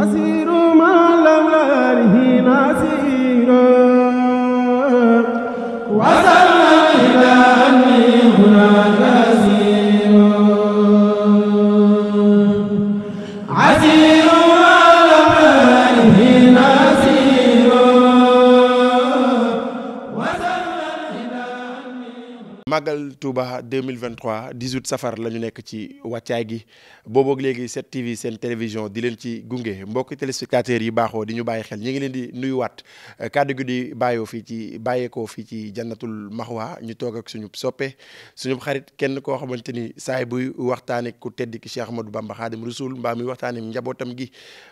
asiru ma lam laarihi naasir Touba 2023 18 safar la ñu nekk ci wàccaay gi booboog léegi 7TV seen télévision di leen ci gunge mbokki téléspectateurs yi baaxoo di ñu bàyyi xel ñu ngi leen di nuyuwaat kàddu gi di bàyyoo fii ci bàyyeekoo fii ci jannatul maxwa ñu toog ak suñu soppe suñu xarit kenn koo xamante ni saay buy waxtaane ku tedd ki Cheikh Ahmadou Bamba Xaadim Rasul mbaa muy waxtaane njabootam gi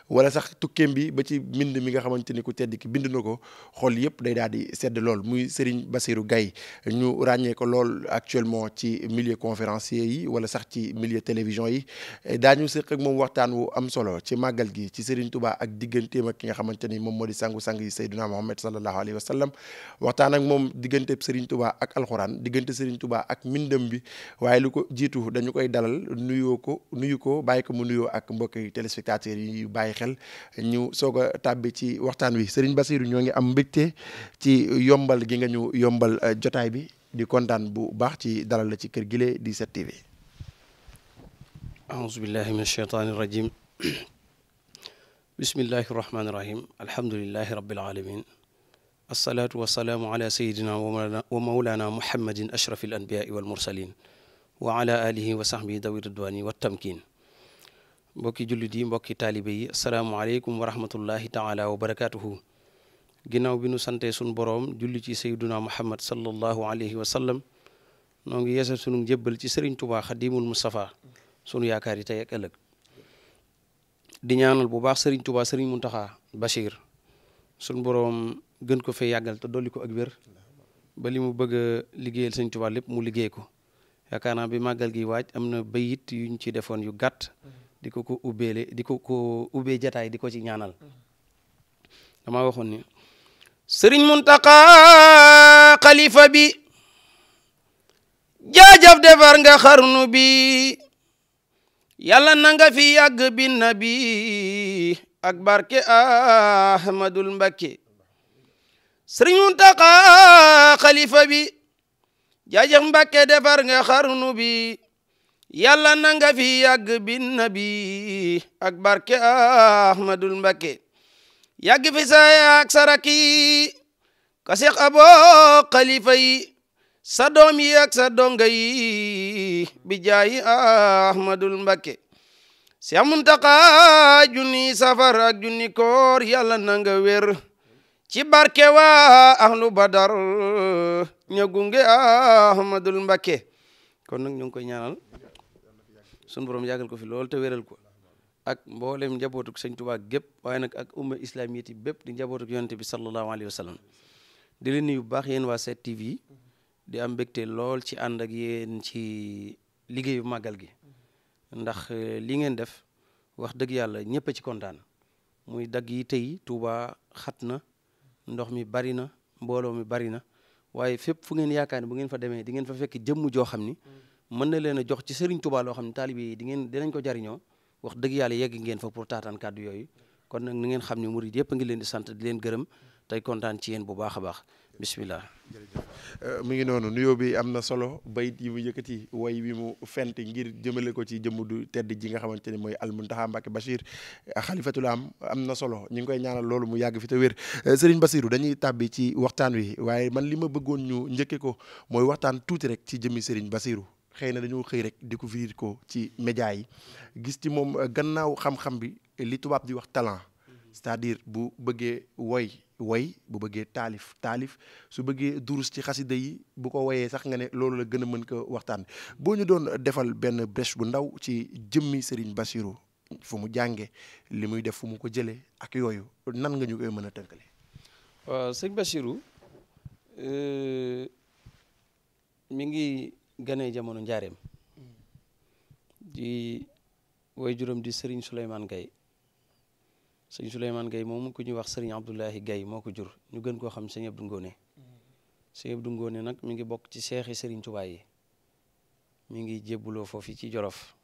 wala sax tukkeem bi ba ci mbind mi nga xamante ni ku tedd ki bind na ko xool yëpp day daal di sedd lool muy Serigne Bassirou Gaye moo ci millier conférencier yi wala sax ci millier télévision yi daañu sëq ak moom waxtaan wu am solo ci màggal gi ci Serigne tubaa ak digganteem ak ki nga xamante ni moom moo di sangu-sang yi Seydina Mohamed sallallahu alayhi wa sallam waxtaan ak moom diggante Serigne Touba ak alxuraan diggante Serigne Touba ak mindam bi waaye lu ko jiitu dañu koy dalal nuyoo ko nuyu ko bàyyi ko mu nuyoo ak mbokki téléspectateurs yi bàyyi xel ñu soog a tàbbi ci waxtaan wi Serigne Bassirou ñoo ngi am mbégte ci yombal gi nga ñu yombal euh, jotaay bi. di kontaan bu baax ci dalal ci kër gile di 7TV aouzu billahi min asheytaani rajim bismillahi rahmaani rahim alhamdulilahi rabbil alamin alsalaatu wassalaamu ashraf al anbiyaai mursalin wa ala alihi dawi ridwaani wa tamkin mbokki jullit yi mbokki taalibe yi asalaamualeykum wa taala wa ginnaaw bi nu santee suñ boroom julli ci sayduna muhammad sallallahu alayhi wa sallam noo ngi yeesal sunu njëbbal ci sëriñ tubaa xadimul mustafa sunu yaakaar yi tey ak ëllëg di ñaanal bu baax sëriñ tubaa sëriñ muntaxa bachir sunu boroom gën ko fee yàggal te dolli ko ak wér ba li mu bëgg a liggéeyal sëriñ tubaa lépp mu liggéey ko yaakaar naa bi màggal gi waaj am na bayit yuñ ci defoon yu gàtt di ko ko ubbeele di ko ko ubbee jataay di ko ci sëriñ Muntaqa xalifa bi jaajëf defar nga xarnu bi yàlla na nga fi yàgg bi nabi ak barke Ahmadul Mbakke sëriñ Muntaqa xalifa bi jaajëf Mbakke defar nga xarnu bi yàlla na nga fi yàgg bi nabi ak barke Ahmadul Mbakke yàgg fi sa ak yi ka seex aboo xalifa yi sa doom yi ak sa donga yi bi jaayi ahmadul mbakke seex muntaqa junni safar ak junni koor yàlla nanga wér ci barke waa ahlu badar ña gunge ahmadul mbakke kon nag ñu ngi koy ñaanal sun borom yàggal ko fi lool te wéral ko ak mboolem njabootuk sëñ Tuubaa gépp waaye nag ak umma islamiyati bépp di njabootuk yonente bi sallallahu alayhi wa sallam di leen yu baax yéen waa 7TV di am mbégte lool ci ànd ak yéen ci liggéeyu màggal gi ndax eh, li ngeen def wax dëgg yàlla ñëpp ci kontaan muy dagg yi tey Tuubaa xat na ndox mi bari na mbooloo mi bari na waaye fépp fu ngeen yaakaar ne bu ngeen fa demee di ngeen fa fekk jëmm joo xam ni mm. mën na leen a jox ci Sëriñ Tuubaa loo xam ne taalibe yi di ngeen ko jariñoo wax dëgg yàlla yegg ngeen fa pour taataan kàddu yooyu kon nag ni ngeen xam ne murid yëpp a ngi leen di sant di leen gërëm tey kontaan ci yéen bu baax a baax bismillah euh, mu ngi noonu nuyoo bi am na solo bayit yi mu yëkkati woy wi mu fent ngir jëmale ko ci jëmm du tedd ji nga xamante ne mooy almuntaxa Mbàkke Bachir xalifatul am am na solo ñu ngi koy ñaanal loolu mu yàgg fi te wér euh, Serigne Bassirou dañuy tàbbi ci waxtaan wi waaye man li ma bëggoon ñu njëkke ko mooy waxtaan tuuti rek ci jëmmi Serigne Bassirou xëy na dañoo xëy rek découvrir ko ci média yi gis ci moom euh, gannaaw xam-xam bi li tubaab di wax talent cest à bu bëggee woy woy bu bëggee taalif taalif su bëggee durus ci xasida yi bu ko woyee sax nga ne loolu la gën a mën ko waxtaan boo ñu doon defal benn brèche bu ndaw ci jëmmi sëriñ Bassirou fu mu jànge li muy def fu mu ko jëlee ak yooyu nan nga ñu koy mën a tënkale waaw sëñ Bassirou euh, ngi gane jamono njaareem di way juróom di sëriñ Souleymane Gaye sëñ Souleymane Gaye moom ku ñuy wax sëriñ Abdoulahi Gaye moo ko jur ñu gën koo xam sëñ Abdou Ngone sëñ Abdou Ngone nag mu ngi bokk ci seexi sëriñ Tuubaa yi mi ngi jébbuloo foofu ci Jolof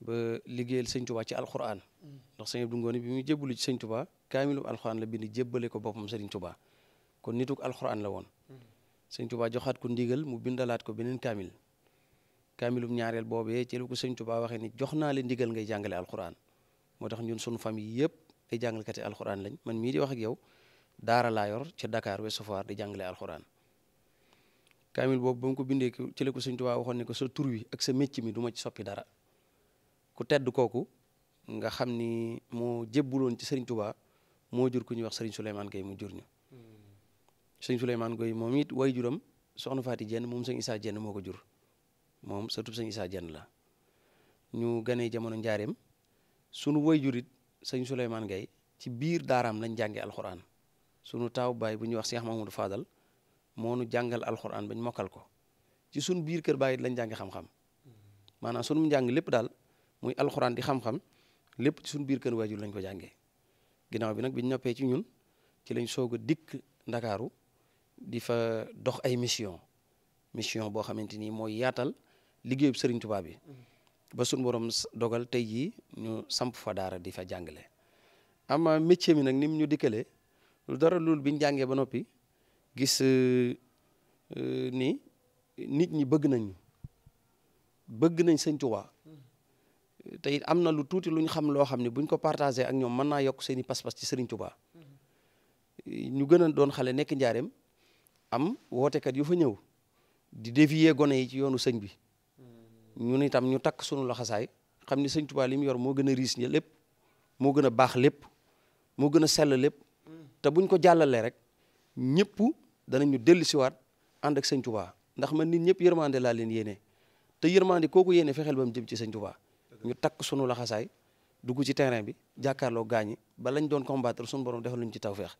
ba liggéeyal sëñ Tuubaa ci alxuraan ndox sëñ du Ngone bi muy jébbulu ci sëñ Tuubaa kaamilu alxuraan la bind jébbale ko boppam sëriñ Tuubaa kon nituk alxuraan la woon sëñ Tuba joxaat ko ndigal mu bindalaat ko beneen kaamil kaamilum ñaareel boobee ci lu ko sëñ waxee ni jox naa leen ndigal ngay jàngale alxuraan moo tax ñun sunu famille yëpp ay jàngalkati alxuraan lañ man mii di wax ak yow daara laa yor ca dakaar Ouest Foire di jàngale alxuraan kaamil boobu ba ko bindee ci la ko sëñ waxoon ne ko sa tur wi ak sa mécc mi du ma ci soppi dara ku tedd kooku nga xam ni moo jëbbuloon ci sëriñ Tuba moo jur ku ñuy wax sëriñ Souleymane mu jur ñu. sëñ Souleymane Goy moom it way juram soxna Faati Jenn moom sëñ Isaa Jenn moo ko jur moom satub sëñ Isaa Jenn la ñu ganee jamono njaareem sunu way jurit sëñ Souleymane Gay ci biir daaraam lañ jànge alxuraan sunu taaw baay bu ñuy wax Cheikh Mahmoudou Fadal moo nu jàngal alxuraan bañ mokkal ko ci sunu biir kër baay lañ jàngee xam-xam maanaam sunu njàng lépp daal muy alxuraan di xam-xam lépp ci sunu biir kër waajur lañ ko jàngee ginnaaw bi nag biñ noppee ci ñun ci lañ soog a dikk Ndakaaru di fa dox ay mission mission boo xamante ni mooy yaatal liggéeyub Serigne Touba bi ba suñu borom dogal tey jii ñu samp fa daara di fa jàngale. ama métier mi nag nim ñu dikkalee lu dara loolu biñ jàngee ba noppi gis euh, euh, ni nit ñi bëgg nañ bëgg nañ Serigne Touba te am na lu tuuti lu ñu xam loo xam ne buñ ko partagé ak ñoom mën naa yokk seeni i pas ci Serigne Touba ñu gën doon xale nekk njaareem. am wootekat yu fa ñëw di dévier gone yi ci yoonu sañ bi ñun itam ñu takk sunu laxasaay xam ni sëñ Tuubaa li mu yor moo gën a riis lépp moo gën a baax lépp moo gën a sell lépp te buñ ko jàllalee rek ñëpp danañu dellu siwaat ànd ak sëñ Tuubaa ndax man nit ñëpp yërmande laa leen yéene te yërmande kooku yéene fexeel ba jëm ci sañ Tuubaa ñu takk sunu laxasaay dugg ci terrain bi jàkkaarloo gaañi ba lañ doon combattre sunu borom defal luñ ci tawfeex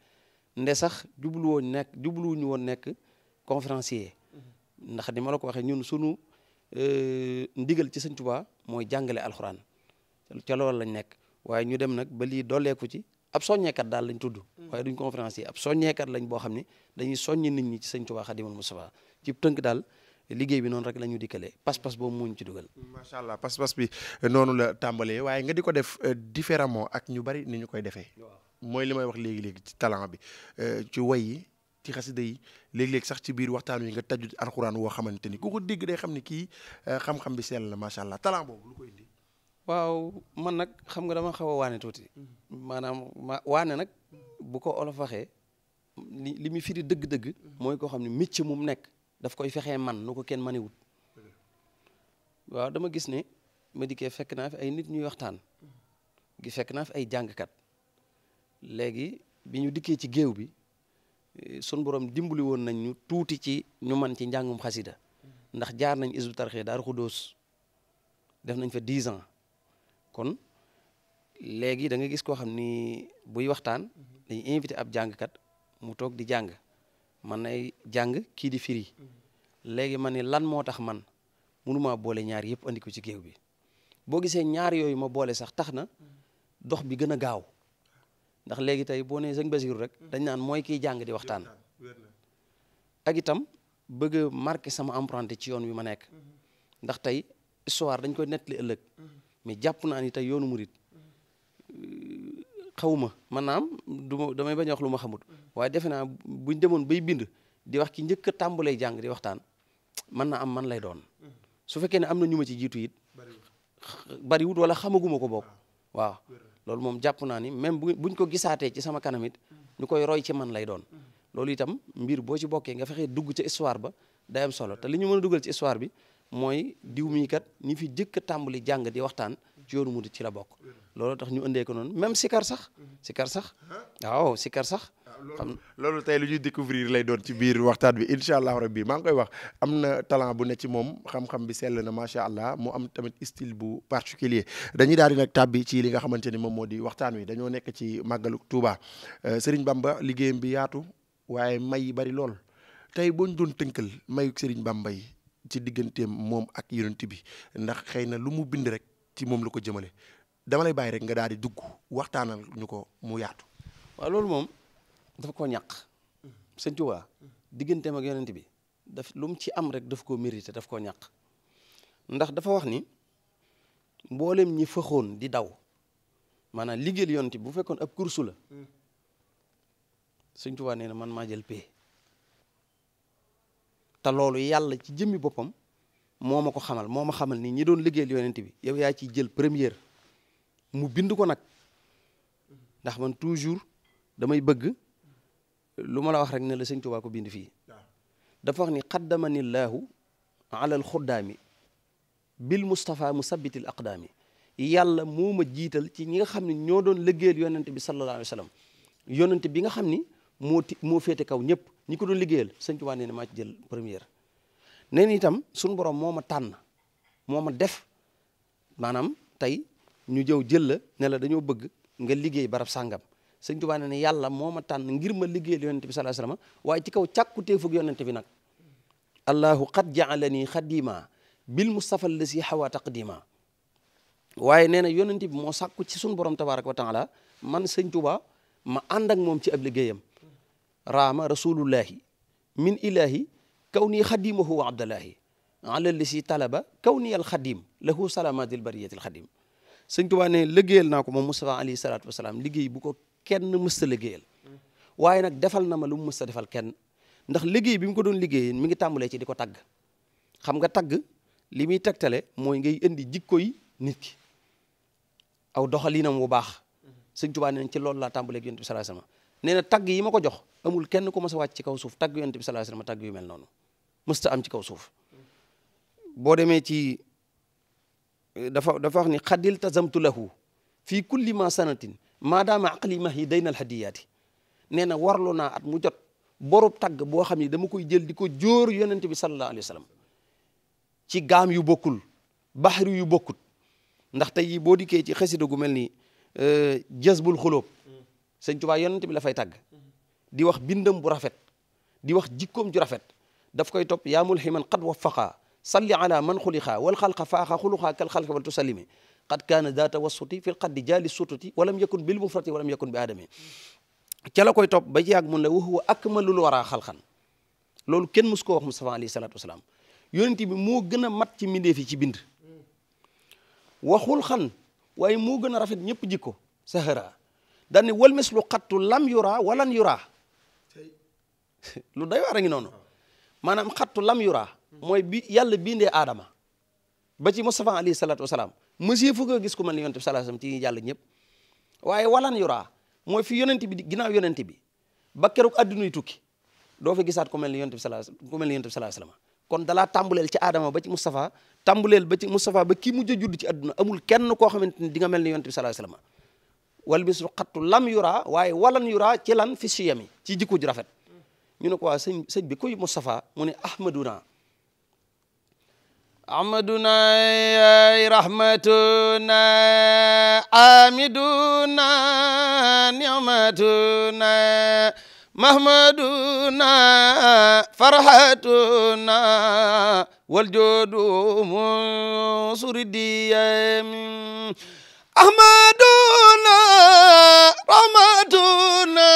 nde sax jubluwoo nekk jubluwuñu woon nekk conférencier ndax ni ma la ko waxee ñun sunu euh, ndigal ci sëñ Tuubaa mooy jàngale alxuraan ca loolu lañ nekk waaye ñu dem nag ba lii dooleeku ci ab soññeekat daal lañ tudd mm. waaye duñ conférencier ab soñeekat lañ boo xam ne dañuy soññ nit ñi ci sëñ Tuubaa Xaadimul Mustafaa ci tënk daal liggéey bi noonu rek la ñu dikkalee pas-pas boobu moo ci dugal. macha allah pas-pas bi noonu la tàmbalee waaye nga di ko def euh, différemment ak ñu bari ni ñu koy defee. mooy li may wax léegi-léegi ci talent bi euh, ci way yi ci xasida yi léeg-léeg sax ci biir waxtaan wi nga tajjud alxuraan woo xamante ni ku ko digg day xam ne kii euh, xam-xam bi seen la macha allah talent boobu lu ko indi. waaw man nag xam nga dama xaw a waane tuuti. maanaam ma waane nag bu ko olof waxee li li muy firi dëgg-dëgg. mooy koo xam ne métier mu nekk daf koy fexee man nu ko kenn maniwut waaw dama gis ne ma dikkee fekk naa fi ay nit ñuy waxtaan. gi fekk naa fi ay jàngkat. léegi bi ñu dikkee ci géew bi eh, sun borom dimbali woon nañ ñu tuuti ci ñu man ci njàngum xasida ndax jaar nañ isbu tarxee daar xudóos def nañ fa 10 ans kon léegi da gis koo xam ni buy waxtaan dañuy invité ab jàngkat mu toog di jàng man nay jàng kii di firi léegi ma ni lan moo tax man munuma boole ñaar yëpp andi ci géew bi boo gisee ñaar yooyu ma boole sax tax na dox bi gën a gaaw ndax léegi tey boo nee sëñ Basiru rek dañ naan mooy kiy jàng di waxtaan ak itam bëgg a sama empreinte ci yoon wi ma nekk mhm. ndax tey histoire dañ koy nettali ëllëg mhm. mais jàpp naa ni tey yoonu murit xawma maanaam du ma damay bañ a wax lu ma xamut mhm. waaye defe naa buñ demoon bay bind di wax ki njëkk a tàmbalee jàng di waxtaan man naa am man lay doon su fekkee ne am na ñu ma ci jiitu it bariwut wala xamaguma ko bokk ah, waaw loolu moom jàpp naa ni même bu buñ ko gisaatee ci sama kanam ñu koy roy ci man lay doon loolu itam mbir boo ci bokkee nga fexee dugg ci histoire ba day am solo te li ñu mën a dugal ci histoire bi mooy diw mii kat ñi fi jëkk tàmbali jàng di waxtaan ci yoonu murid ci la bokk loolu tax ñu indee ko noonu même sikar sax sikar sax waaw sikar sax loolu tey lu ñuy découvrir lay doon ci biir waxtaan bi incha allahu rabbi maa ngi koy wax am na talent bu ne ci moom xam-xam bi sell na macha allah mu am tamit style bu particulier dañuy daal di nag tàbbi ci li nga xamante ni moom moo wi dañoo nekk ci màggalu Touba euh, Serigne Bamba liggéeyam bi yaatu waaye may yi bari lool tey boo ñu doon tënkal sëriñ Serigne Bamba yi ci digganteem moom ak yonent bi ndax xëy na lu mu bind rek ci moom la ko jëmale dama lay bàyyi rek nga daal di dugg waxtaanal ñu ko mu yaatu. waaw loolu moom dafa koo ñàq sëñ Tuubaa digganteem ak yonent bi daf lu mu ci am rek daf koo mérité daf koo ñàq ndax dafa wax ni mboolem ñi fëxoon di daw maanaam liggéeyal yonent bi bu fekkoon ab kursu la sëñ Tuubaa nee na man maa jël pay te loolu yàlla ci jëmmi boppam moo ma ko xamal moo ma xamal ni ñi doon liggéeyal yonent bi yow yaa ciy jël première. mu bind ko nag ndax man toujours damay bëgg lu ma la wax rek ne la sëñ ko bind fii dafa wax ni xaddamani llaahu ala al xuddaami bil mustapha musabbitil aqdaami yàlla moo ma jiital ci ñi nga xam ne ñoo doon liggéeyal yonente bi sallallahu alayhi wa sallam bi nga xam ni moo ti moo féete kaw ñëpp ñi ko doon liggéeyal sëñ Tuubaa nee na maa ci jël première nee na itam suñu borom moo ma tànn moo ma def maanaam tey ñu jëw jël la ne la dañoo bëgg nga liggéey barab sàngam sëñ Tuubaa ne ne yàlla moo ma tànn ngir ma liggéey yonente bi sallallahu alayhi wasallam waaye ci kaw càkkutéefug yonente bi nag allahu qad jaalani xadima bil mustafa lasi hawa taqdima waaye nee na yonente bi moo sàkku ci suñu borom tabaraka wa taala man sëñ Tuubaa ma ànd moom ci ab liggéeyam raama rasulullahi min ilahi kaw nii xadimahu wa abdallahi ala lisi talaba kaw niyal xadim lahu salamatil bariyatil xadim sëñ Tuubaa ne liggéeyal naa ko moom Moustapha alayhi salaatu wasalaam liggéey bu ko kenn mës a liggéeyal waaye nag defal na ma lu mu mës defal kenn ndax liggéey bi mu ko doon liggéey mi ngi tàmbalee ci di ko tagg xam nga tagg li muy tegtale mooy ngay indi jikko yi nit ki aw doxalinam bu baax sëñ Tuubaa na ci loolu laa tàmbalee ak yonent bi sallallahu alayhi wasallam nee na tagg yi ma ko jox amul kenn ku ma sa wàcc ci kaw suuf tagg yonent bi sallallahu alayhi wasallam yu mel noonu mësta am ci kaw suuf boo demee dafa dafa wax ni xadil tazamtu lahu fii kulli ma sanatin maadaama aqli mah yi day nal hadiyaati nee na naa at mu jot borub tagg boo xam ni dama koy jël di ko jóor yonent bi sallallahu alayhi yu bokkul baxri yu bokkut ndax tey jii boo dikkee ci xasida gu ni euh, jazbul xulóob sëñ Tuubaa yonent bi la fay tàgg di wax bindam bu rafet di wax jikkoom ju rafet daf koy topp yaamul ximan qad waffaqa salli ala man xuliqa wal xalqa faaxa xuluqa kal xalqa wal tusallimi qad kaana daa tawassuti fi lqaddi jaali sututi walam yakun bil mufrati walam yakun bi aadami ca la koy topp ba ci yàgg mun la wa huwa akmalul wara xalqan loolu kenn mus ko wax Mustafa alayhi salaatu wasalaam yonent bi moo gën a mat ci mbindeef yi ci bind waxul xan waaye moo gën a rafet ñëpp jikko sahara daan ne wal mislu xattu lam yura walan yura lu day waar a ngi noonu maanaam xattu lam yura mooy bi yàlla bindee aadama ba ci Mustafa alayhi salaatu wasalaam monsieur fu ko gis ku mel ni yonent bi sallallahu alayhi wasallam ci yàlla ñëpp waaye walan yura mooy fi yonent bi ginnaaw yonent bi ba keroog addunuy tukki doo fa gisaat ku mel ni yonent bi sallallahu alayhi wasallam ku mel ni yonent bi sallallahu alayhi wasallam kon dalaa tàmbuleel ci aadama ba ci Mustafa tàmbuleel ba ci Mustafa ba kii mujj a judd ci adduna amul kenn koo xamante ni di nga mel ni yonent bi sallallahu alayhi wasallam wal bis lu xattu lam yura waaye walan yura ci lan fi siyami ci jikko ju rafet ñu ne ko waa sëñ sëñ ahmaduna rahmatuna amiduna ni'matuna mahmaduna farhatuna waljodu munsuridiyami ahmaduna rahmatuna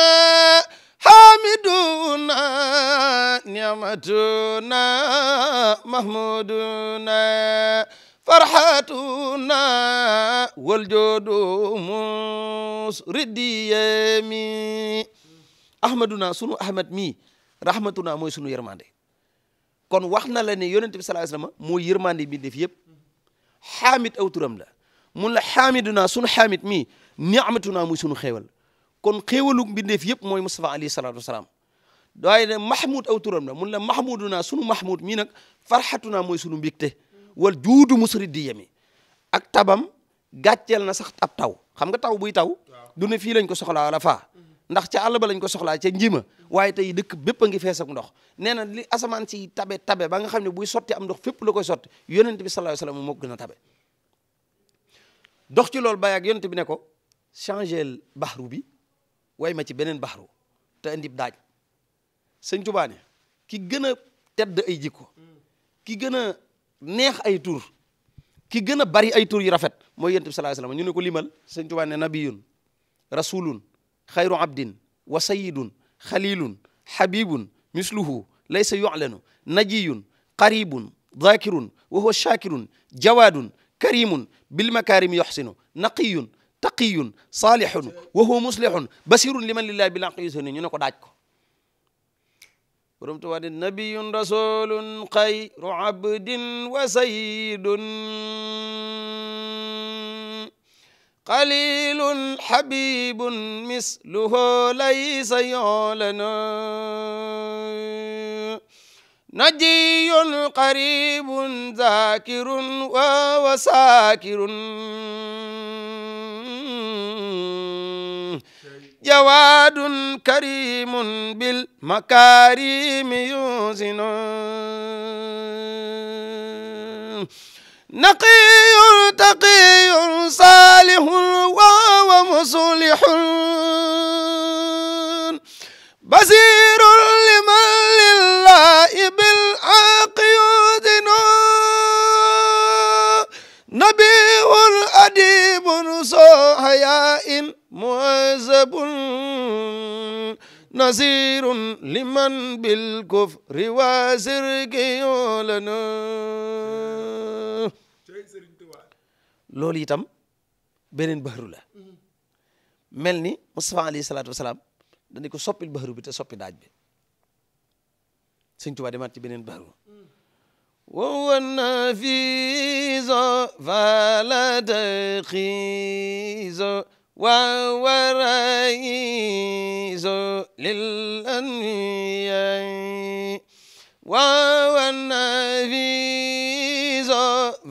hamid محمودنا نعمتنا محمودنا فرحتنا والجود مسرد يمي ahmaduna sunu ahmad mii rahmatuna mooy sunu yërmande kon wax na la ne yonente bi sallallahu alayhi wasallam mooy yërmande bi def yëpp xaamit aw turam la mun la xaamiduna sunu xaamit mii ni'matuna mooy sunu xéewal kon xéewalug mbindeef yëpp mooy Mustafa alayhi salaatu wasalaam waaye ne mahmoud aw turam la mun la mahmudu naa sunu mahmoud mii nag farxatu mooy sunu mbégte wal juudu musri di yemi ak tabam gàcceel na sax ab taw xam nga taw buy taw du ne fii lañ ko soxlaa wala faa ndax ca àll ba lañ ko soxlaa ca njima waaye tey dëkk bépp ngi fees ak ndox nee na li asaman si tabe tabe banga nga xam ne buy sotti am ndox fépp la koy sotti yonent bi sallallahu alayhi wasallam moo gën a tabe dox ci loolu ba yàgg yonent bi ne ko changé bahru bi way ma ci beneen bahru te indi sëñ Tuubaa ki gën a tedd ay jikko ki gën a neex ay tur ki gën a bari ay tur yu rafet mooy yonent bi sallallahu alayhi wasallam ñu ne ko limal sëñ Tuubaa ne nabiyun rasulun xayru abdin wa sayyidun xalilun habibun misluhu laysa yu'lanu najiyun qaribun dhakirun wa huwa shakirun jawadun karimun bil makarimi yuhsinu naqiyun taqiyun salihun wa huwa muslihun basirun liman lillahi bil haqqi yusinu ñu ne ko daaj ko borom Tuubaa di nabiyun rasulun xayru abdin wa sayyidun qalilun habibun misluhu laysa yolana najiyun qaribun zakirun wa wasakirun jawaadun karimun bil makarimi yusinu naqiyun taqiyun salihun wa muslihun basir شمسو حياء معذب نذير لمن بالكفر وزرق يولنا loolu itam beneen baxaru la mel ni Moustapha alayhi salaatu wa salaam dañu ko soppil baxaru bi te soppi daaj bi Sëñ Tuubaa demaat ci beneen baxaru وهو النفيس فلا تخيس وهو الرئيس للأنبياء وهو النفيس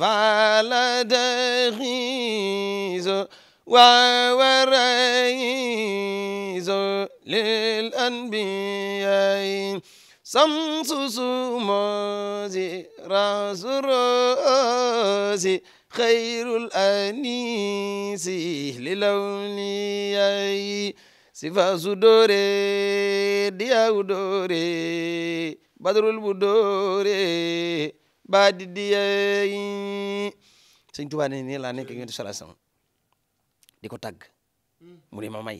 فلا تخيس وهو الرئيس للأنبياء samsu sumosi rasu rosi xayrul anisi lilawni yayi sifa su doore diyawu doore badrul bu doore baadi diyayi sëñ Tuubaa ne nii laa nekk ngeen sala sama di ko tagg mu di ma may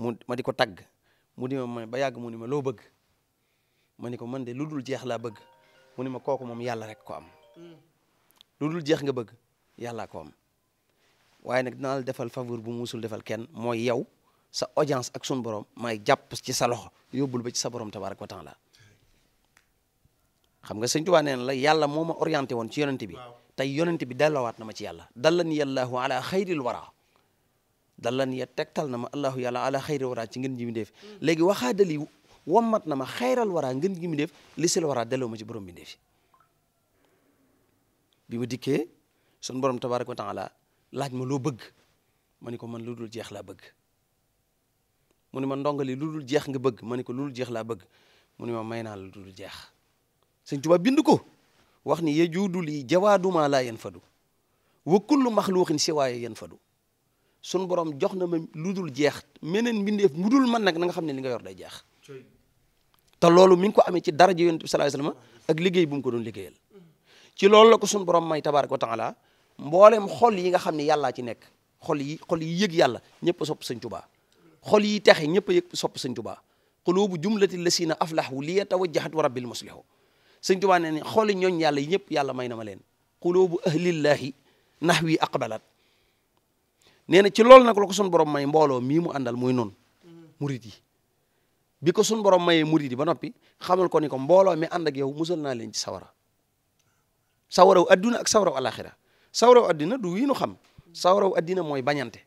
mu ma di ko tagg mu di ma may ba yàgg mu ni ma loo bëgg ma ni ko man de lu dul jeex laa bëgg mu ni ma kooku moom yàlla rek ko am hmm. lu dul jeex nga bëgg yàlla ko am waaye nag dinaa la defal faveur bu musul defal kenn mooy yow sa audience ak sun borom may jàpp ci sa loxo yóbbul ba ci sa borom tabaaraka wa la xam nga sëñ Tuubaa la yàlla moo ma orienté woon ci yonent bi tey yonent bi dellowaat na ma ci yàlla dallani allahu ala xayril wara dallani tegtal na ma allahu yàlla ala xayril wara ci ngeen mat na ma xayral waraa ngën gi mu def li sil waraa delloo ma ci borom bi ndefi bi ma dikkee sun borom tabaaraka wa taala laaj ma loo bëgg ma ni ko man lu dul jeex laa bëgg mu ni ma ndongali lu dul jeex nga bëgg ma ni ko lu dul jeex laa bëgg mu ni ma may naa lu dul jeex sëñ Tuubaa bind ko wax ni yajuudu lii jawaaduma laa yen fadu wa kullu maxluuqin siwaaye yan fadu sun borom jox na ma lu dul jeex meneen mbindeef mu dul man nag na nga xam ne li nga yor day jeex te loolu mi ngi ko amee ci daraja yonent bi sallallahu alayhi wasallam ak liggéey bu mu ko doon liggéeyal ci loolu la ko suñu borom may tabaaraka wa taala mboolem xol yi nga xam ne yàllaa ci nekk xol yi xol yi yëg yàlla ñëpp sopp sëñ Tuubaa xol yi texe ñëpp yëg sopp sëñ Tuubaa qulubu jumlati lasina aflahu liya tawajjahat wa rabbil muslihu sëñ Tuubaa nee ne xooli ñooñ yàlla yi ñëpp yàlla may na ma leen qulubu ahlillahi nahwi aqbalat nee na ci loolu nag la ko suñu borom may mbooloo mii mu àndal muy noonu bi ko suñ borom mayee murid yi ba noppi xamal ko ni ko mbooloo mi ànd ak yow musal naa leen ci sawara sawaraw adduna ak sawaraw alaxira sawaraw adduna du wii nu xam sawaraw adduna mooy bañante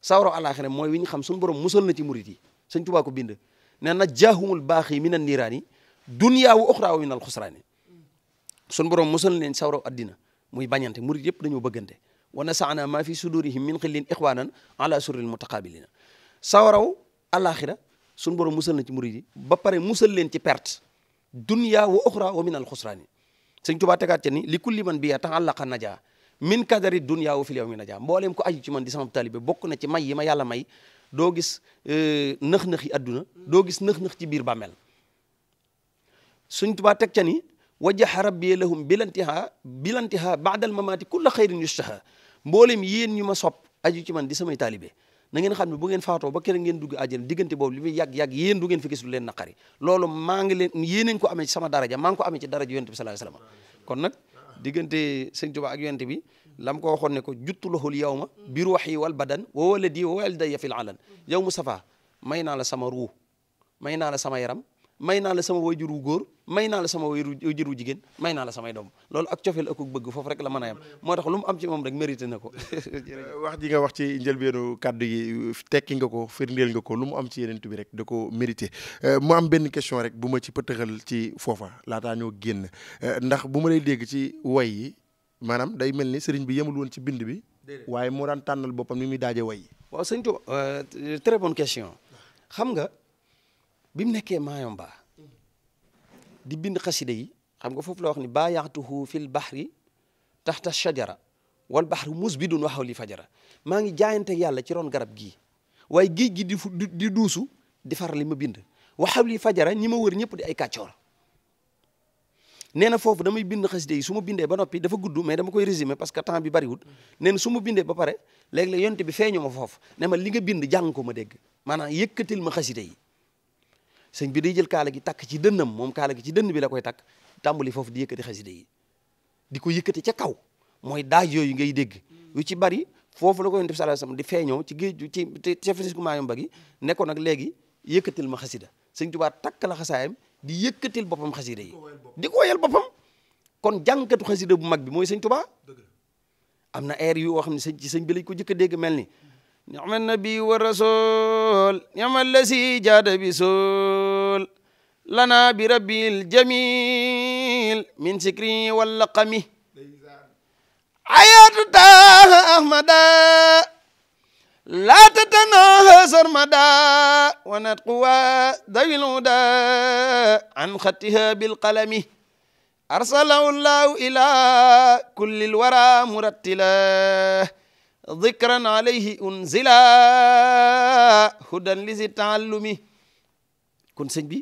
sawaraw alaxira mooy wi ñu xam suñ borom musal na ci murid yi sëñ Tuubaa ko bind ne na jaahumul baax yi mi nan niiraan yi dunyaa wu oxraa wi nal xusraani sun borom musal leen sawaraw addina muy bañante murid yëpp dañoo bëggante wa nasaana maa fi sudurihim min xillin ixwaanan ala surril mutaqabilina sawaraw alaxira suñu borom musal na ci murid ba pare musal leen ci perte dunya wa oxra wa min al xusraani sëñ Tuubaa tegaat ca ni li kulli man bi ta'allaqa najaa min kadari dunya wa fil yawmi najaa mbooleem ko aju ci man di sama taalibe bokk na ci may yi ma yàlla may doo gis euh, nëx-nëx yi adduna doo gis nëx ci biir bàmmeel sëñ Tuubaa teg ca ni wajaha rabbi lahum bilantiha bilantiha baadal mamaati kulla xayrin yustaha mbooleem yéen ñu ma sopp aju ci man di samay taalibe nangeen ngeen xam ne bu ngeen faatoo ba kere ngeen dugg àjjana diggante boobu li muy yàgg-yàgg yéen du ngeen fi gis lu leen naqari loolu maa ngi leen yéeneen ko amee ci sama daraja maa ko amee ci daraja yonent bi sallallahu alayhi kon nag diggante sëñ ak yonent bi lam ko waxoon ne ko juttu lahul yawma bi ruuhi wal badan wa waladi wa walidayya fil alan yow Mustafa may naa la sama ruu may naa la sama yaram may naa la sama wayjur juru góor may naa la sama wayjur wu jigéen may naa la samay doom loolu ak cofeel ak bëgg foofu rek la mën a yam moo tax lu mu am ci moom rek mérité na ko. wax ji nga wax ci njëlbeenu kàddu yi tekki nga ko firndeel nga ko lu mu am ci yeneen bi rek da ko mérité euh, mu am benn question rek bu ma ci pëtëxal ci foofa laataa ñoo génn euh, ndax bu ma lay dégg ci way yi maanaam day mel ni sëriñ bi yemul woon ci bind bi. waaye moo daan tànnal boppam ni muy daaje way yi. waaw sëñ Tuba euh, très question xam nga. bi mu nekkee Maayomba di bind xasida yi xam nga foofu la wax ni baayaatuhu fil bahri taxta shajara wal bahru musbidun waxaw li fajara maa ngi jaayante yàlla ci roon garab gii waaye géej gi di di duusu di far li ma bind waxaw li fajara ñi ma wër ñëpp di ay kàccoor nee na foofu damay bind xasida yi su ma bindee ba noppi dafa gudd mais dama koy résumer parce que temps bi bariwul nee na su ma bindee ba pare léeg-léeg yonte bi feeñu ma foofu ne ma li nga bind jàng ko ma dégg maanaam yëkkatil ma xasida yi sëñ bi day jël kaala gi takk ci dënnam moom kaala gi ci dënn bi la koy takk tàmbali foofu di yëkkati xasida yi di ko yëkkati ca kaw mooy daaj yooyu ngay dégg yu ci bari foofu la ko yonent bi sallallahu alayhi wasallam di feeñoo ci géej ci ci fis gu maayom ba gi ne ko nag léegi yëkkatil ma xasida sëñ Tuubaa takk la xasaayam di yëkkatil boppam xasida yi di ko woyal boppam kon jàngkatu xasida bu mag bi mooy sëñ Tuubaa am na air yu yoo xam ne sëñ ci sëñ bi lañ ko jëkk a dégg mel ni ñamal nabi wa rasul ñamal la si jaada bi so lana bi rabbil jamil min sikri wal laqami ayatu taha ahmada la tatanaha sarmada wa natquwa dawil huda an xattiha bil qalami arsalahu llahu ila kulli lwara murattila dhikran alayhi unzila hudan li si taallumi kon sëñ bi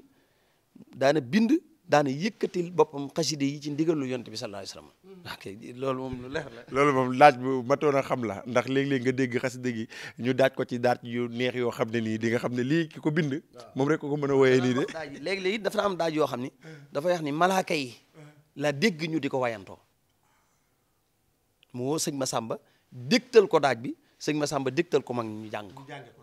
daana bind daana yëkkatil boppam xaside yi ci ndigalu yonent bi sallallahu alayhi wasallam ok loolu moom lu leer la loolu moom laaj bu matoon a xam la ndax léeg-léeg nga dégg xaside gi ñu daaj ko ci daaj yu neex yoo xam ne nii di nga xam ne lii ki ko bind moom rek ko mën a woyee nii de daaj léeg-léeg dafa am daaj yoo xam ni dafa wax ni malaaka yi la dégg ñu di ko wayantoo moo sëñ Masamba dégtal ko daaj bi sëñ Massamba dégtal ko mag ñu jàng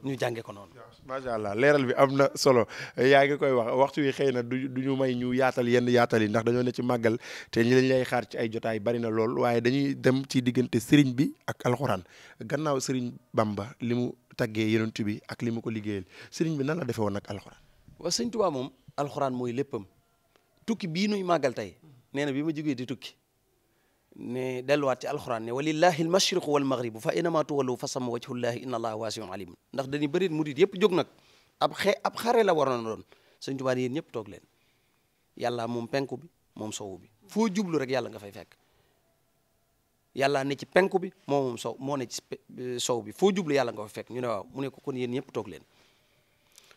ñu jànge ko noonu macha allah leeral bi am na solo yaa ngi koy wax waxtu wi xëy na du du may ñu yaatal yenn yaatal yi ndax dañoo ne ci màggal te ñi lañ lay xaar ci ay jotaay bari na lool waaye dañuy dem ci diggante sëriñ bi ak alxuraan gannaaw sëriñ Bamba li mu taggee yonent bi ak li mu ko liggéeyal sëriñ bi nan la defee woon ak alxuraan waaw sëñ Tuubaa moom alxuraan mooy léppam tukki bii nuy màggal tey nee bi ma jógee di tukki ne delluwaat ci alxuraan ne walillahi almashriqu walmaghribu fa inama tuwallu fa sama wajhullahi inna allaha wasiun alim ndax dañuy bëri murid yëpp jóg nag ab xe ab xare la waroon doon sëñ Tuubaa yéen ñëpp toog leen yàlla moom penku bi moom sowu bi foo jublu rek yàlla nga fay fekk yàlla ne ci penku bi moo moom sow moo ne ci euh, sow bi foo jublu yàlla nga fekk ñu ne waaw mu ne kon yéen yëpp toog leen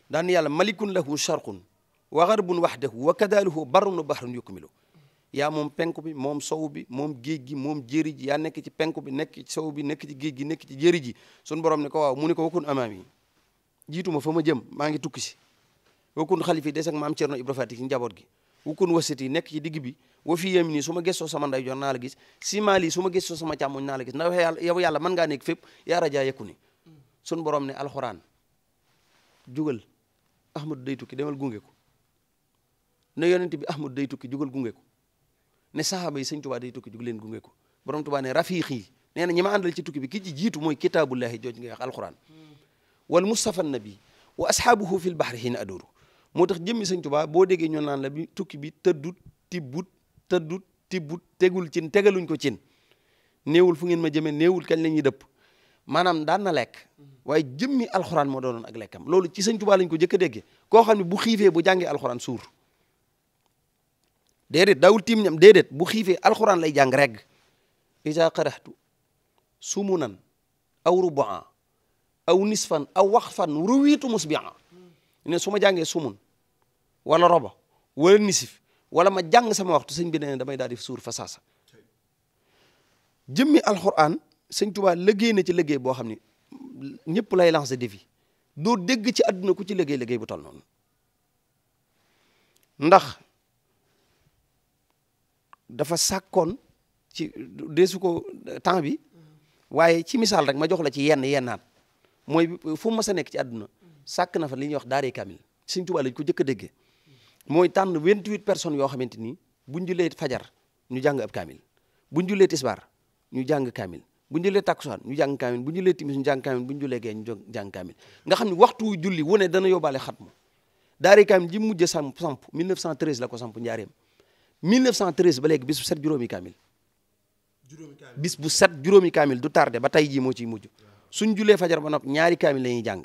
daan yàlla malikun lahu sharqun wa garbun wahdahu wa kadalihu barrun wa bahrun yukmilu yaa moom penku bi moom sow bi moom géej gi moom jëri ji yaa nekk ci penku bi nekk ci bi nekk géej gi nekk ci jëri ji suñu borom ne ko waaw mu ne ko wakkun amaam yi jiitu ma fa ma jëm maa ngi tukki si wakkun xalif yi des ak maam Cerno Ibra Faati ci njaboot gi wakkun wasit yi nekk ci digg bi wa fi yem su ma gëstoo sama nday jox naa la gis si maali su ma gëstoo sama càmmoñ naa la gis ndax yàlla yow yàlla mën ngaa nekk fépp yaa rajaa yekku ni suñu borom ne alxuraan jugal ahmadu day tukki demal gunge ko ne yonent bi ahmadu day tukki jugal gunge ko ne sahaaba yi sañ tubaa day tukki jug leen gunge ko borom tubaa ne rafiix yi nee na ñi ma àndal ci tukki bi ki ci jiitu mooy kitaabullahi jooj ngay wax alquran wal mustafa nabi wa ashaabuhu fil bahri hiina adooru moo tax jëmmi sañ tubaa boo déggee ñoo naan la bi tukki bi tëddut tibbut tëddut tibbut tegul cin tegaluñ ko cin neewul fu ngeen ma jëmee néewul kañ la ñuy dëpp maanaam daan na lekk waaye jëmmi alxuraan moo doonoon ak lekkam loolu ci sëñ tubaa ko jëkka a koo xam ne bu xiifee bu jàngee alxuraan suur déedéet daawul tiim ñam déedéet bu xiifee alxuraan lay jàng reg isa sumu sumunan aw rubaa aw nisfan aw waxfan ruwiitu musbia ne su ma jàngee sumun wala roba wala nisif wala ma jàng sama waxtu sëñ bi ne damay daal suur fa saasa jëmmi alxuraan sëñ Tuubaa liggéey na ci liggéey boo xam ne ñëpp lay lancé défi doo dégg ci àdduna ku ci liggéey liggéey bu toll noonu ndax dafa sàkkoon ci deesu ko temps bi waaye ci misaal rek ma jox la ci yenn yennaat mooy fu ma sa nekk ci àdduna sàkk na fa li ñuy wax daaree kamil Sëriñ Tuubaa ku jëkk a mooy mooy tànn 28 personnes yoo xamante ni buñ julee fajar ñu jàng ab kaamil buñ julee tisbaar ñu jàng kaamil buñ julee takkusaan ñu jàng kaamil buñ julee timis ñu jàng kaamil buñ julee gee ñu jàng kaamil nga xam ne waxtu julli wu ne dana yóbbaale xatmu daaree kaamil ji mujj samp samp 1913 la ko sam njaareem 1913 ba léegi bis bu set juróomi kaamil. juróomi bis bu set juróomi kaamil du tardé ba tey jii moo ciy mujj. suñ julee fajar ba nopp ñaari kaamil la ñuy jàng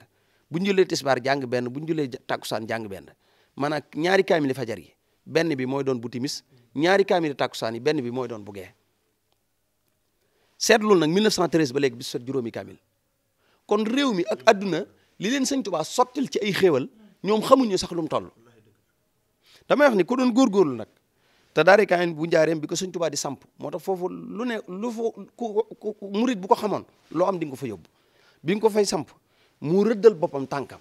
buñ julee tisbaar jàng benn buñ julee takkusaan jàng benn maanaam ñaari kaamili fajar yi benn bi mooy doon bu timis ñaari kaamili takkusaan yi benn bi mooy doon bu gee seetlu nag 1913 ba léegi bis set juróomi kaamil kon réew mi ak adduna li leen sëñ Tuubaa sottil ci ay xéewal ñoom xamuñu sax lu mu toll damay wax ni ku doon góorgóorlu nag. te daari kaamil bu njaareem bi ko Sëñ Tuubaa di samp moo tax foofu lu ne lu fa ku murit bu ko xamoon loo am di nga ko fa yóbbu bi nga ko fay samp mu rëddal boppam tànkam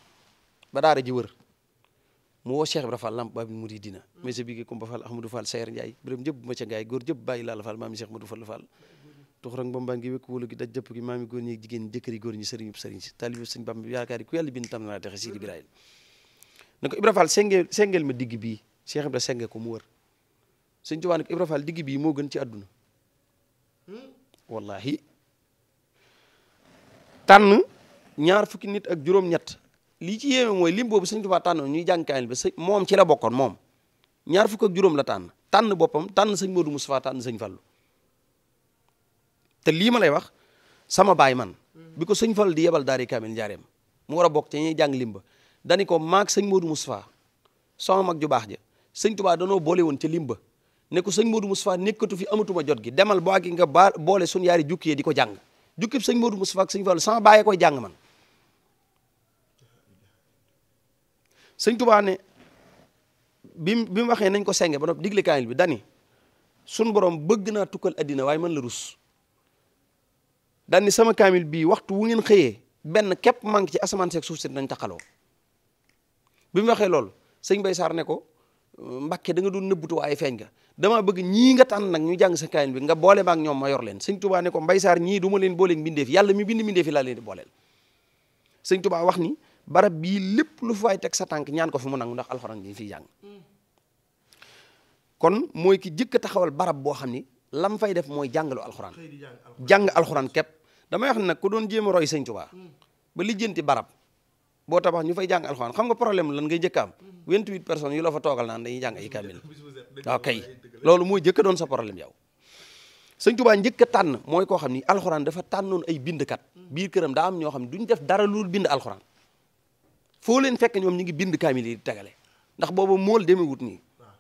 ba daara ji wër mu woo Cheikh Ibra Fall lamp babil muridina monsieur bi gi Kumba Fall Ahmadou Fall Sayer Ndiaye bërëm jëpp ma ca gaay góor jëpp bàyyi laala Fall maami Cheikh Madou Fall Fall tux rang bambaan gi wékk wóolu gi daj jëpp gi maami góor ñi jigéen jëkkëri góor ñi sëriñ sëriñ si taalibu sëñ Bamba ku yàlla bin tam na texe Sidi Ibrahima ne ko Ibra Fall sengeel sengeel ma digg bi Cheikh Ibra senge ko mu wër sëñ Tuubaa nag Ibra Fall digg bi moo gën ci àdduna wallahi tànn ñaar fukki nit ak juróom-ñett lii ci yéeme mooy lim boobu sëñ Tuubaa tànn ñuy jàng kaamil bi moom ci la bokkoon moom ñaar fukk ak juróom la tànn tànn boppam tànn sëñ Modou Moustapha tànn sëñ Fallu te lii ma lay wax sama baay man bi ko sëñ Fallu di yebal daari kaamil njaareem mu war a bokk ci ñuy jàng lim ba dani ko maag sëñ Modou Moustapha sama mag ju baax ja sëñ Tuubaa danoo boole woon ca lim ne ko sëñ Modou Moustapha nekkatu fi amatuma jot gi demal boo gi nga ba boole suñu yaari jukki yi di ko jàng jukki sëñ Modou Moustapha ak sëñ Fallou sama baay koy jàng man sëñ Tuubaa bi bi mu waxee nañ ko senge ba noppi digle kaamil bi dani suñ borom bëgg naa tukkal addina waaye man la rus dani sama kaamil bii waxtu wu ngeen xëyee benn képp manque ci asamaan seek suuf si nañ taxaloo bi mu waxee loolu sëñ Bay Saar ne ko Mbàkke da nga doon nëbbutu waaye feeñ nga damaa bëgg ñii nga tànn nag ñu jàng sa kaamil bi nga boole ma ak ñoom ma yor leen sëñ Tuubaa ne ko Mbay Saar ñii du ma leen booleeg mbindeef yàlla mi bind mbindeef laa leen di booleel sëñ Tuubaa wax ni barab bii lépp lu fay teg sa tànk ñaan ko fi mu nangu ndax alxuraan bi fiy jàng kon mooy ki jëkk taxawal barab boo xam ni lam fay def mooy jàngalu alxuraan jàng alxuraan képp damay wax na nag ku doon jéem a roy sëñ Tuubaa ba lijjanti barab boo tabax ñu fay jàng alxuraan xam nga problème lan nga njëkk am 28 mm-hmm. personnes yu la fa toogal naan dañuy jàng ay kaamil loolu mooy njëkk doon sa problème yow sëñ Tuubaa njëkk a tànn mooy koo xam ni alxuraan dafa noon ay bind kat mm-hmm. biir këram daa am ñoo xam ne duñ def dara lu bind alxuraan foo leen fekk ñoom ñu ngi bind kaamil yi di tegale ndax boobu mool demewut nii ah,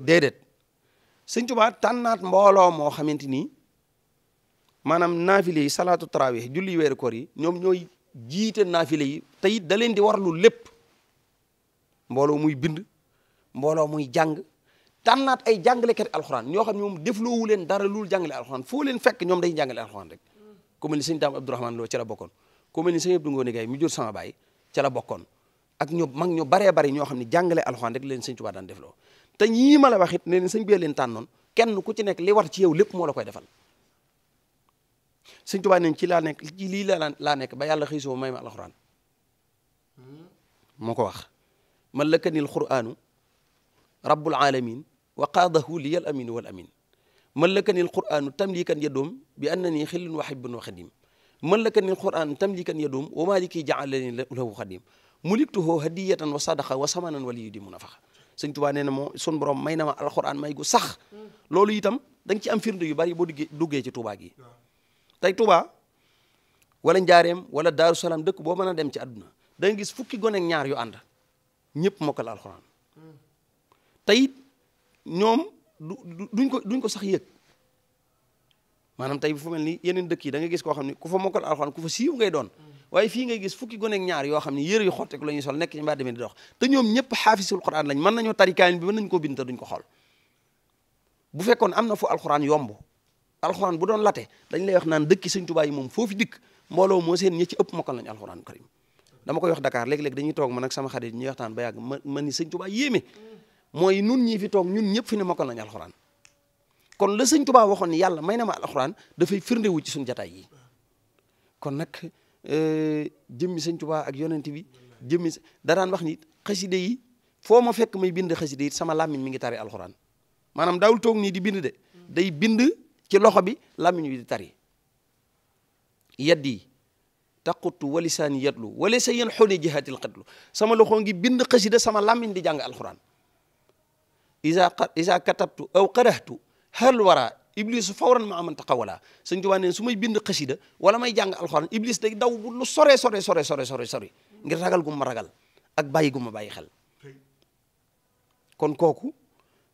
déedéet sëñ Tuubaa naat mbooloo moo xamante ni maanaam naafile yi salaatu tarawih julli weeru koor yi ñoom ñooy jiite naafile yi te it da leen di warlu lépp mbooloo muy bind mbooloo muy jàng tànnaat ay jàngalekat alxuraan ñoo xam ne moom defloowu leen dara lul jàngale alxuraan foo leen fekk ñoom dañuy jàngale alxuraan rek ku mel ni sëñ Daam Abdourahmane Lo ca la bokkoon ku mel ni sëñ Abdou Ngoné Gaye mu jur sama baay ca la ak ñu mag ñu baree bari ñoo xam ne jàngale alxuraan rek leen sëñ Tuubaa daan defloo te ñii ma la wax it ne leen sëñ leen tànnoon kenn ku ci nekk li war ci yow lépp moo la koy defal sëñ Tuubaa ci laa nekk ci lii laa nekk ba yàlla xëy soo may ma alxuraan hmm. ko wax man lakani alquranu rabbul alamin wa qaadahu liya al aminu wal amin man lakani alquranu tamlikan yadoom bi annani xillun wa hibbun wa xadim man lakani alquranu tamlikan yadoom wa maliki jaalani lahu xadim muliktuhu hadiyatan wa sadaqa wa samanan waliyu di munafaqa sëñ Tuubaa nee na moo sun borom may na ma alxuraan ma gu sax hmm. loolu itam da ci am firnde yu bari boo duggee ci Tuubaa gi tey Touba wala Njaareem wala Daaru Salaam dëkk boo mën a dem ci àdduna da gis fukki gone ñaar yu ànd ñëpp mokkal alxuraan tey ñoom du duñ ko duñ ko sax yëg maanaam tey bu fa mel ni yeneen dëkk yi da nga gis koo xam ne ku fa mokkal alxuraan ku siiw ngay doon waaye fii nga gis fukki gone ak ñaar yoo xam ne yére yu xotteeku la ñuy sol nekk ci mbaa demee di dox te ñoom ñëpp xaafisul quraan lañ mën nañoo tari kaamil bi mën nañ koo bind te duñ ko xool bu fekkoon am na fu alxuraan yomb alxuraan bu doon late dañ lay wax naan dëkki sëñ Tuubaa yi moom foofu dikk mbooloo moo seen ñi ci ëpp mokkal nañu alxuraan karim dama koy wax Dakar léeg-léeg dañuy toog man ak sama xarit ñuy waxtaan ba yàgg ma ma ni sëñ Tuubaa yéeme mooy nun ñii fi toog ñun ñëpp fi ne mokkal nañu alxuraan kon la sëñ Tuubaa waxoon na ma alxuraan dafay firndewu ci suñu jataay yi kon nag euh, jëmmi sëñ Tuubaa ak yonent bi jëmmi wax ni xaside yi foo ma fekk may bind xaside yi sama làmmiñ mi ngi tari alxuraan maanaam daawul toog nii di bind de day bind loxo bi làmmiñ bi di tari yaddi yi taqutu wa lisaani yatlu wala sa yéen xooli jihaatil xatlu sama loxo ngi bind xasida sama làmmiñ di jàng alxuraan isa isa katabtu aw qarahtu hal wara iblisu fawran ma aman taqawala sëñ Tuubaa neen su may bind xasida wala may jàng alxuraan iblis day daw bu sore sore sore sore sore sore ngir ragal gu ma ragal ak bàyyi gu ma bàyyi xel kon kooku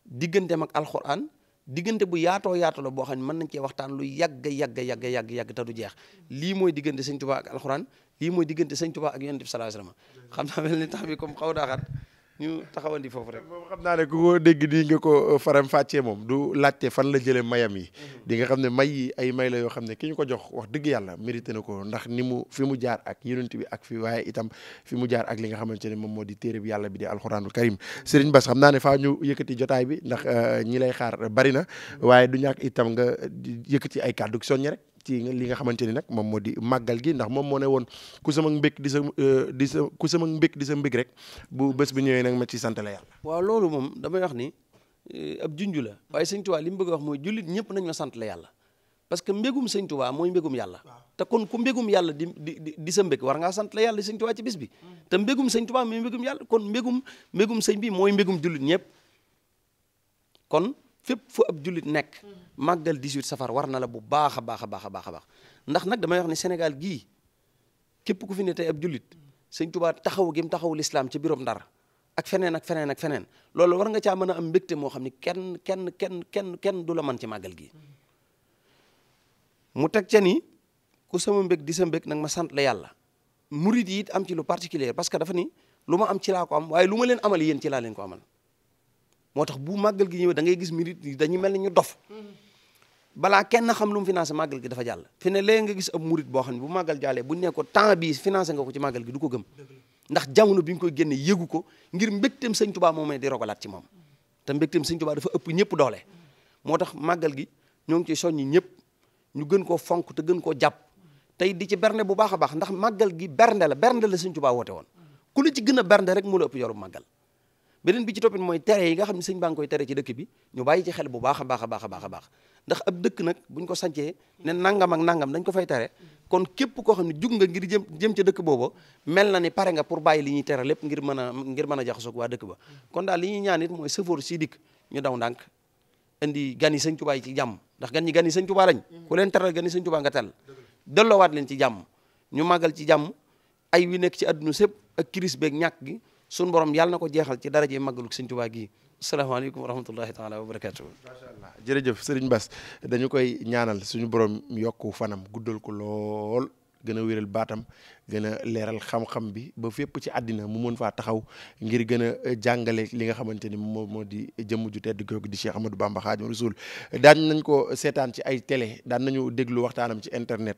digganteem ak alxuraan diggante bu yaatoo yaatu boo xam ne mën nañ cee waxtaan lu yàgg yàgg yàgg yàgg yàgg te jeex lii mooy diggante sëñ Tuubaa ak alxuraan lii mooy diggante sëñ Tuubaa ak yonent bi sallallahu alayhi wasallam xam naa mel ni temps bi comme xaw naa xat ñu taxawandi foofu rek. moom xam naa ne ku ko dégg nii nga ko euh, faram fàccee moom du laajte fan la jëlee mayam yi. Mhm. di nga xam ne may yi ay may la yoo xam ne ki ñu ko jox wax dëgg yàlla mérité na ko ndax ni mu fi mu jaar ak bi ak fi waaye itam fi mu jaar ak li nga xamante ne moom moo di téere bi yàlla bi di alxuraanul karim Serigne Bass xam naa ne faa ñu yëkkati jotaay bi ndax euh, ñi lay xaar bari na mhm. waaye du ñàkk itam nga yëkkati ay kàddu soññe rek ci li nga xamante ni nag moom moo di màggal gi ndax moom moo ne woon ku sama mbég di sa euh, di sa ku sama mbég di sa rek bu bés bi ñëwee nag ma ci sant la yàlla. waaw moom damay wax ni euh, ab la waaye sëñ Tuubaa li mu bëgg wax mooy jullit ñëpp nañ sant la yàlla parce que mbégum sëñ Tuubaa mooy mbégum yàlla. te kon ku mbégum yàlla di di di sa mbég war ngaa sant la yàlla sëñ Tuubaa ci bi. Hmm. te mbégum sëñ Tuubaa mooy mbégum yàlla kon mbégum mbégum sëñ bi jullit ñëpp kon fépp fu ab jullit nekk màggal 18 safar war na la bu baax a baax a baax a baax a baax ndax nag dama yox ne Sénégal gii képp ku fi ne tey ab jullit sëñ Tuubaa taxaw gi taxaw lislaam ci biirom Ndar ak feneen ak feneen ak feneen loolu war nga caa mën a am mbégte moo xam ne kenn kenn kenn kenn kenn du la man ci màggal gi mu teg ca ni ku sama mbég di sa mbég nag ma sant la yàlla murid yi it am ci lu particulier parce que dafa ni lu ma am ci laa ko am waaye lu ma leen amal yéen ci laa leen ko amal moo tax bu màggal gi ñëwee da ngay gis minute yi dañuy mel ñu dof balaa kenn xam lu mu màggal gi dafa jàll fi ne nga gis ab boo xam ne bu màggal jàllee bu ne ko temps bii financé ko ci màggal ko ndax jamono bi nga koy génne yëgu ko ngir mbégteem sëñ Tuubaa moom di rogalaat ci moom te mbégteem sëñ Tuubaa dafa ëpp ñëpp doole moo tax gi ñoo ngi ci soññi ñëpp ñu gën koo fonk te gën koo jàpp tey di ci bernde bu baax a baax ndax màggal gi bernde la bernde la sëñ Tuubaa woote woon ku la ci gën a bernde rek mu la ëpp yoru màggal beneen bi ci toppit mooy tere yi nga xam ne sëñ baa ngi koy tere ci dëkk bi ñu bàyyi ci xel bu baax a baax a baax a baax a baax ndax ab dëkk nag buñ ko sancee ne nangam ak nangam dañ ko fay tere kon képp koo xam ne jug nga ngir jëm jëm ca dëkk booba mel na ni pare nga pour bàyyi li ñuy tere lépp ngir mën a ngir mën a jaxasoog waa dëkk ba kon daal li ñuy ñaan it mooy sëfoor si dikk ñu daw ndànk andi gan yi sëñ Tuubaa yi ci jàmm ndax gan ñi gan yi sëñ Tuubaa lañ ku leen teral gan yi sëñ Tuubaa nga tel delloowaat ci jàmm ñu màggal ci jàmm ay wi nekk ci àdduna sépp ak kiris beeg ñàkk gi suñu borom yàlla na ko jeexal ci daraje màggalu Sëñ Tuubaa gi asalaamaaleykum wa rahmatullahi taala wa barakaatu. macha allah jërëjëf Serigne Bass dañu koy ñaanal suñu borom yokku fanam guddal ko lool. gën a wéral baatam gën a leeral xam-xam bi ba fépp ci àddina mu mën faa taxaw ngir gën a jàngale li nga xamante ni moom moo di jëmm ju tedd googu di Cheikh Amadou Bamba Xaadimu Rasuul daan nañ ko seetaan ci ay télé daan nañu déglu waxtaanam ci internet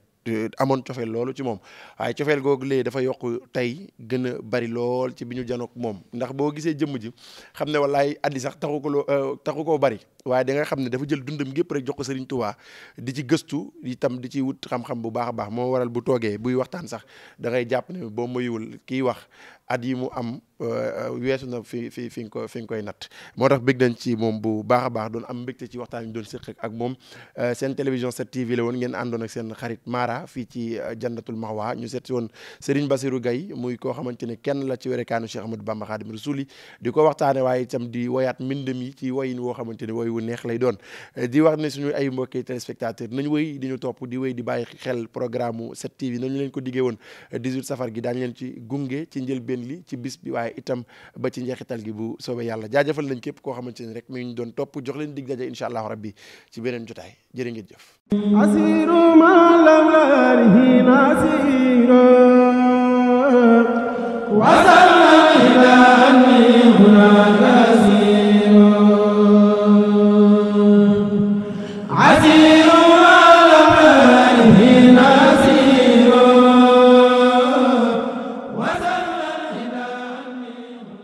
amoon cofeel loolu ci moom waaye cofeel googu léegi dafa yokk tey gën a bari lool ci bi ñu janook moom ndax boo gisee jëmm ji xam ne wallaay addi sax taxu ko loo euh, taxu koo bari waaye da nga xam ne dafa jël dundam gépp rek jox ko Serigne Touba di ci gëstu itam di ci wut xam-xam bu baax a baax moo waral bu toogee buy waxtaan sax da ngay jàpp ne boo moyuwul kiy wax at yi mu am Euh, weesu na fi fi fi nga ko fi nga koy natt moo tax bëgg nañ ci moom bu baax a baax doon am mbégte ci waxtaan ñu doon séq ak moom euh, seen télévision 7TV la woon ngeen àndoon ak seen xarit Mara fii ci euh, jannatul Mahwa ñu seet si woon Serigne Bassirou gay muy koo xamante ne kenn la ci werekaanu Cheikh Ahmadou Bamba Khadim Rassoul di ko waxtaane waaye tam di woyaat mbindam yi ci woyin woo xamante ne woy wu neex lay doon di wax ne suñu ay mbokki téléspectateur nañ wéy di ñu topp di wéy di bàyyi xel programme 7TV nañu leen ko diggee woon 18 safar gi daañu leen ci gunge ci njëlbeen li ci bis waaye waaye itam ba ci njeexital gi bu soobee yàlla jaajëfal nañ képp koo xamante ni rek mi ñu doon topp jox leen dig daje incha allahu rabbi ci beneen jotaay jërë ngeen jëf